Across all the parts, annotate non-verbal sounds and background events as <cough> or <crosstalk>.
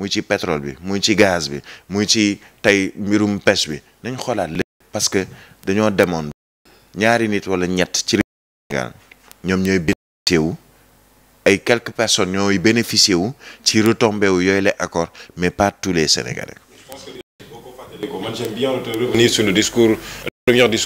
muy ci pétrole bi muy ci gaz bi muy ci tey mbirum pêche bi nañ xoolaat lépp parce que dañoo demoon ñaari nit wala ñett ci Sénégal ñoom ñooy bénéficié ay quelques personnes ñooy bénéficié wu ci retombé wu yooyu la accord mais pas tous les Sénégalais. man j'aime bien revenir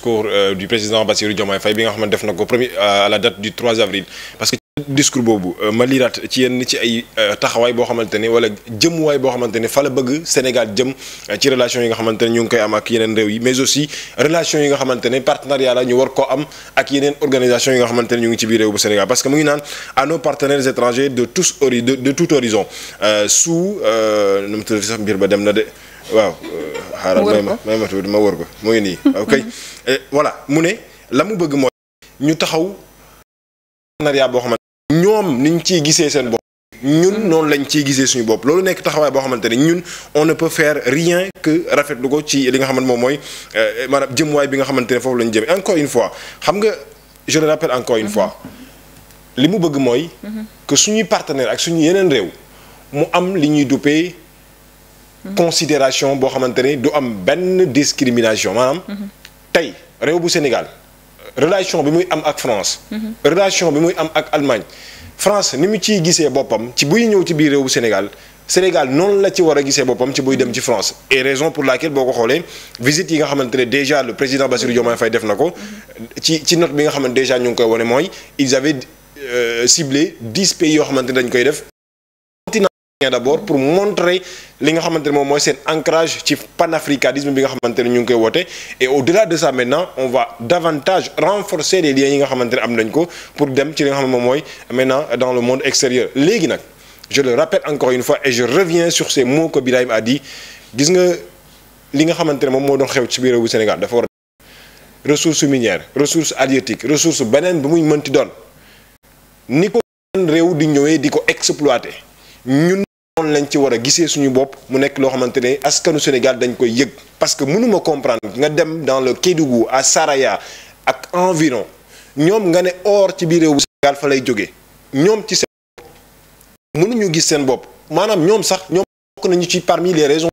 euh, du président Bassirou Diomaye Faye bi nga xamante def na ko premier euh, à la date du 3 avril parce discours boobu euh, ma liiraat ci yenn ci ay euh, taxawaay boo xamante ne wala jëmuwaay boo xamante ne fa la bëgg Sénégal jëm euh, ci relation yi nga xamante ne ñu ngi koy am ak yeneen réew yi mais aussi relation yi nga xamante ne partenariat la ñu war koo am ak yeneen organisation yi nga xamante ne ñu ngi ci biir réew bu Sénégal parce que mu ngi naan à nos partenaires étrangers de tous hori horizon sous nu mu tudd sax mbir ba dem na de waaw xaaral may ma may ma ma wër ko mu nii ok mm-hmm. voilà mu ne la mu bëgg mooy ñu taxaw partenariat boo xamante ñoom niñ ciy gisee seen bopp ñun noonu lañ ciy gisee suñu bopp loolu nekk taxawaay boo xamante ne ñun on ne peut faire rien que rafetlu ko ci li nga xamante moom mooy euh, maanaam jëmwaay bi nga xamante ne foofu lañ jëm encore une fois xam nga je le encore une fois li mu bëgg mooy que suñuy partenaire ak suñu yeneen réew mu am li ñuy duppee considération boo xamante ne du am benn discrimination maanaam tey réew bu Sénégal relation bi muy am ak France. Mhm. relation bi muy am ak Allemagne. France ni mu ciy gisee boppam ci buy ñëw ci biir réewu Sénégal Sénégal noonu la ci war a gisee boppam ci buy dem ci France et raison pour laquelle boo ko xoolee visite yi nga xamante ne déjà le président Bassirou Diomaye Faye def na ko ci ci note bi nga xamante déjà ñu ngi koy wane mooy ils avaient euh, ciblé dix pays yoo xamante ne dañ koy def. d'abord pour montrer li nga xamante moom mooy seen ancrage ci panafricanisme bi nga xamante ñu ngi koy woote et au de ça maintenant on va davantage renforcer les liens nga xamante am nañ ko pour dem ci li nga xam ne moom mooy maintenant dans le a dit gis li nga xamante ne moom moo doon xew ci biir réewu Sénégal dafa war ressource minière ressource halieutique ressource beneen bu muy mënti doon ni ko réew di ñëwee di ko exploiter ñun noonu lañ ci war a gisee suñu bopp mu nekk loo xamante ne askanu Sénégal dañ koy yëg parce que mënuma comprendre nga dem dans le Kédougou à Saraya ak environ ñoom nga ne or ci biir réew Sénégal fa lay jóge ñoom ci seen bopp mënuñu gis seen bopp maanaam ñoom sax ñoom bokk nañu ci parmi les raisons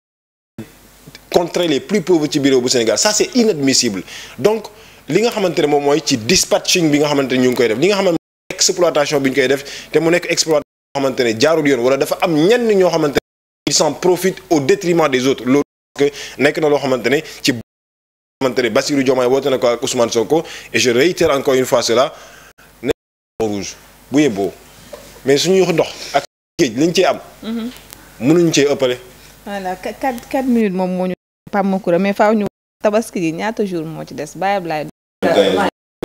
contre les plus pauvres ci biir réew bu Sénégal ça c'est inadmissible donc li nga xamante ne moom mooy ci dispatching bi nga xamante ne ñu ngi koy def li nga xamante exploitation bi ñu koy def te mu nekk exploitation xamante ne jaarul yoon wala dafa am ñenn ñoo xamante ne ils s'en profitent au détriment des autres loolu nekk na loo xamante ne ci xamante ne Bassirou Diomaye woote na ko ak Ousmane Sonko et je réitère encore une fois cela ne rouge bu yeboo mais suñuy ndox ak géej liñ cee am mhm. mënuñ cee ëppale voilà quatre quatre minutes moom moo ñu Pape mais faaw ñu tabaski ñaata jour moo ci des bàyyi laay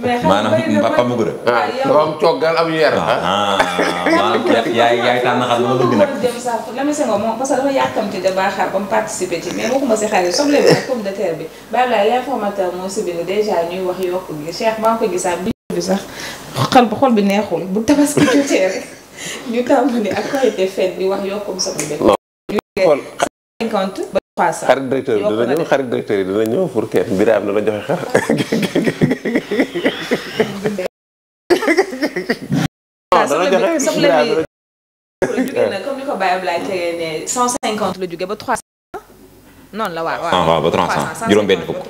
maanaam a. Ah, dafa am mais waxuma xol bu xol bi neexul bu tabaski jotee rek <laughs> ñu tàmbali ak korité fête bi wax yokkum soble bi. xool cinquante ba trois xarit directeur dana ñëw xarit directeur dana ñëw pour kenn mbiraam dana joxe xar. <laughs> jugee na euh. comme ni ko Baye Ablaye tegee ne 150 la jugee ah, ba 300. noonu juróom-benn fukk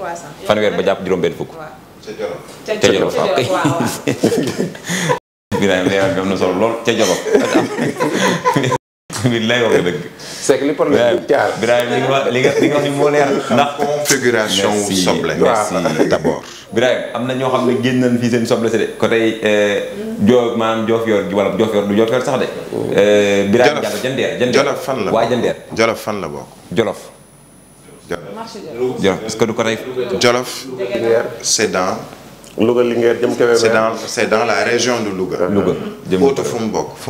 fanweer ba jàpp juróom-benn fukk. ca Jolof ca Jolof waaw. bi naan <laughs> leeral bi am na solo lool ca Jolof. <laughs> billaay wax dëgg. c'est que li problème bi caal. Birahim li li nga wax ni moo wu soble. merci d'abord. Birahim am na ñoo xam ne génn nañ fii seen soble si de côté euh, joo maanaam Diofior wala Diofior du Diofior sax de. Euh, Birahim Jolof fan la waa Jandeer. Jolof fan la bokk. Jolof. Jolof ce que du côté. Jolof. Sedan. Louga Linguère jëm Kébémer. c'est dans dans la région de Louga. Louga